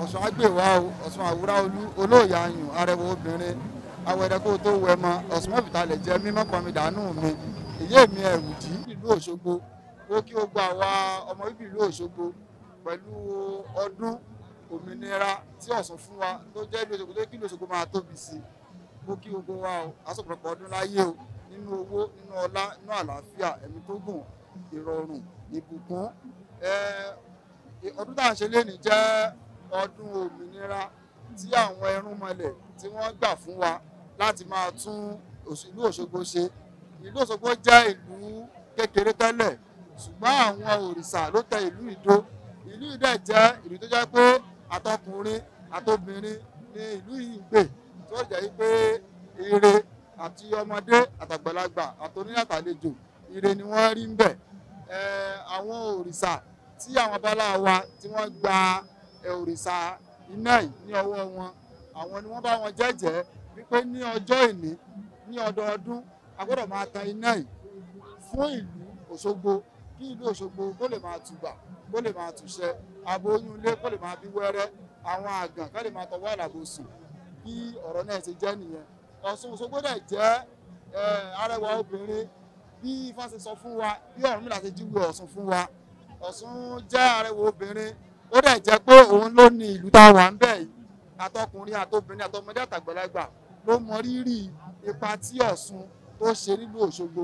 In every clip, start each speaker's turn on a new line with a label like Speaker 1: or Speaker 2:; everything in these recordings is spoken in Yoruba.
Speaker 1: Ọ̀ṣun àgbèwà Ọ̀ṣun àwúrà olóòyà ayùn arẹwà obìnrin awẹ̀rẹ̀ kó o tó wẹ̀ mọ́ ọ̀sùnmọ́ ìbìtalẹ̀ jẹ́ mímọ́ kan mi dànù mi ìyé mi ẹ̀rù dí ìlú Òṣogbo ó kí o gba àwa ọmọ bíbí ìlú Òṣogbo pẹ̀lú ọdún òmìnira tí Ọ̀ṣun fún wa tó jẹ́ ìlú Òṣogbo tó kí ìlú Òṣogbo máa tóbi sí ó kí gbogbo wa o asọ̀pọ̀lọpọ̀ ọdún láyé o nínú owó nínú ọlá nínú àlàáfíà ẹ̀mí tó gùn ìrọ̀rùn ìbùkún ọdún tá à ń ṣe jẹ́ ọdún òmìnira tí àwọn ẹrúnmọlẹ̀ tí wọ́n gbà fún wa láti máa tún ìlú Òṣogbo ṣe
Speaker 2: ìlú Òṣogbo jẹ́
Speaker 1: ìlú kékeré tẹ́lẹ̀ ṣùgbọ́n àwọn òrìṣà ló tẹ ìlú ìdó ìlú ìdó jẹ́ ìlú tó jẹ́ pé àtọkùnrin àtobìnrin ni ìlú yìí ń gbè tó jẹ́ pé ire àti ọmọdé àtàgbàlagbà àtòníyàtàlejò ire ni wọ́n rí ń bẹ̀ àwọn òrìṣà tí àwọn bọ́lá wa tí wọ́n gba òrìṣà iná yìí ní ọwọ́ wọn àwọn ni wọ́n bá wọn jẹ́jẹ́ wípé ní ọjọ́ ìní ní ọdọọdún a gbọ́dọ̀ máa tan iná yìí fún ìlú Òṣogbo kí ìlú Òṣogbo kó lè máa tùbà kó lè máa tùṣẹ ààbò oyún ilé kó lè máa bí wẹ́rẹ́ àwọn àgàn ká lè máa tọwọ́ àlàbò sùn bí ọ̀rọ̀ náà ti jẹ́ nìyẹn Ọ̀ṣun Òṣogbo dẹ̀ jẹ́ arẹwà obìnrin bí Ifá ṣe sọ fún wa bí Ọ̀rúnmìlà ṣe jíwèé Ọ̀ṣun fún wa Ọ̀ṣun jẹ́ arẹwà obìnrin ó dẹ̀ jẹ́ pé òun ló ní ìlú táwọn ń bẹ̀ yìí àtọkùnrin àtobìnrin àtọmọdé àtàgbàlagbà ló mọ rírì ipa tí Ọ̀ṣun tó ṣe nílùú Òṣogbo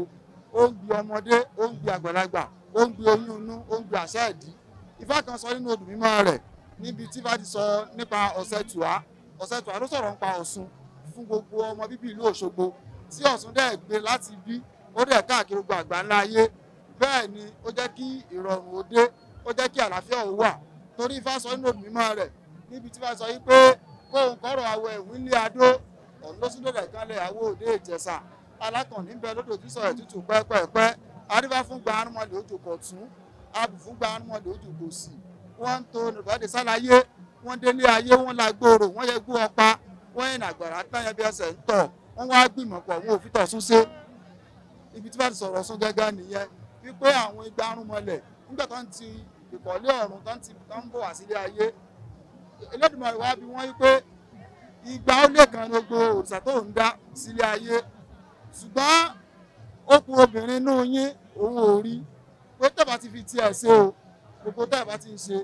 Speaker 1: ó ń gbi ọmọdé ó ń gbi àgbàlagbà ó ń gbi oyún inú ó ń gbi àṣà ẹ̀dí Ifá kan sọ nínú odù mímọ́ rẹ̀ níbi tí Ifá ti sọ nípa Ọ̀ṣẹ̀tùá Ọ̀ṣẹ̀tùá ló sọ̀rọ̀ nípa Ọ̀ṣun fún gbogbo ọmọ bíbí ìlú Òṣogbo tí Ọ̀ṣun dẹ̀ gbé láti bí ó dẹ̀ káàkiri gbogbo àgbáńlá ayé bẹ́ẹ̀ ni ó jẹ́ kí ìrọ̀rùn ó dé ó jẹ́ kí àlàáfíà ó wà torí Ifá sọ nínú odù mímọ́ rẹ̀ níbi tí Ifá sọ yìí pé kóun kọ́rọ̀ àwọ̀ ẹ̀wìn adó ọlọsídọdà ìkálẹ àwọ òde ìjẹsà alákànní bẹ lọdọ jísọ ẹtútù pẹpẹpẹ arífà fún gba arúmọlẹ ojú kò tún ààbò fún gba arúmọlẹ ojú kò sí wọn ń to nìbàdí sálàyé wọn délé ayé wọn la gbòòrò wọn yẹ gbó ọpa wọn yẹn àgbàrá táyà bí ẹsẹ ń tọ wọn wá gbìmọ̀ pọ̀ wọn ò fi tọ sún sé ibi tí wọn ti sọ̀rọ̀ sún gẹ́gẹ́ nìyẹn wípé àwọn igba arúmọlẹ nígbà tó ń ti ìkọ̀lé ọ̀run tó ń bọ̀ wá sílé ayé Elédùmarè wá bí wọ́n wípé ìgbà ó lè kan gbogbo òrìṣà tó ń dá sílé ayé ṣùgbọ́n okùn obìnrin inú yín òun ò rí pé tẹ́bà ti fi tiẹ̀ ṣe o gbogbo tẹ́bà ti ń ṣe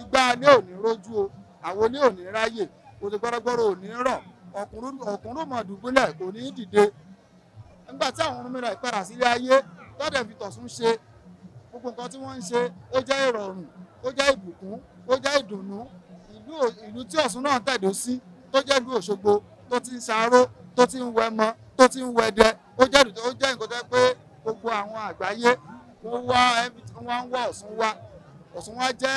Speaker 1: ìgbà ilé ò ní rójú o àwọn ilé ò ní ráyè kòtò gbọ́dọ̀gbọ́dọ̀ ò ní rọ̀ ọ̀kùnrin mọ̀ dùbúlẹ̀ kò ní dìde nígbà tí àwọn ọmọ rẹ̀ padà sílé ayé tọ́dẹ̀ fi tọ̀sún ṣe gbogbo nǹkan tí wọ́n ń ṣe ó jẹ́ ìrọ̀rùn ó jẹ́ ìbùkún ó jẹ́ ìdùnnú ìlú tí Ọ̀ṣun náà tẹ̀dó sí tó jẹ́ ìlú Òṣogbo tó ti ń ṣàárò tó ti ń wẹmọ tó ti ń wẹdẹ ó jẹ́ ó jẹ́ nǹkan tó pé gbogbo àwọn àgbáyé wọ́n wá wọ́n ń wá Ọ̀ṣun wá Ọ̀ṣun wá jẹ́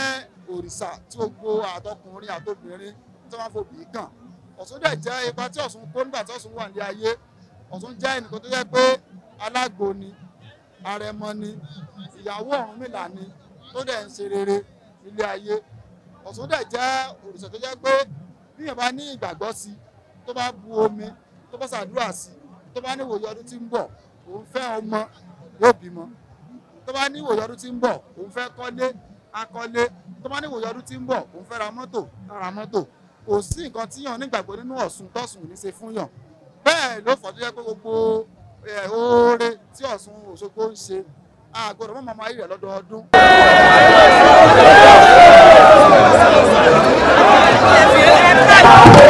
Speaker 1: òrìṣà tí gbogbo àtọkùnrin àtobìnrin tí wọ́n fòbí kàn Ọ̀ṣun dẹ̀ jẹ́ ipa tí Ọ̀ṣun kó nígbà tí Ọ̀ṣun wà ní ayé Ọ̀ṣun jẹ́ ẹnìkan tó jẹ́ pé alágbo ni arẹmọ ni ìyàwó Ọ̀rúnmìlà ni tó dẹ̀ ń ṣe rere ilé ayé Ọ̀ṣun dẹ̀ jẹ́ òrìṣà tó jẹ́ pé bí yẹn bá ní ìgbàgbọ́ sí tó bá bu omi tó bá ṣàdúrà sí tó bá ní ìwòye ọdún tí ń bọ̀ òun fẹ́ ọmọ yóò bímọ tó bá ní ìwòye ọdún tí ń bọ̀ òun fẹ́ kọ́lé akọ́lé tó bá ní ìwòye ọdún tí ń bọ̀ òun fẹ́ ra mọ́tò ra mọ́tò kò sí nǹkan tíyàn nígbàgbọ́ nínú Ọ̀ṣun tọ́sùn ní ṣe fún yàn bẹ́ẹ̀ ló fọ́ tó jẹ́ pé gbogbo oore tí Ọ̀ṣun Òṣogbo ń ṣe àgọ́dọ̀ mọ́ ayé rẹ̀ lọ́dọọdún. Bye.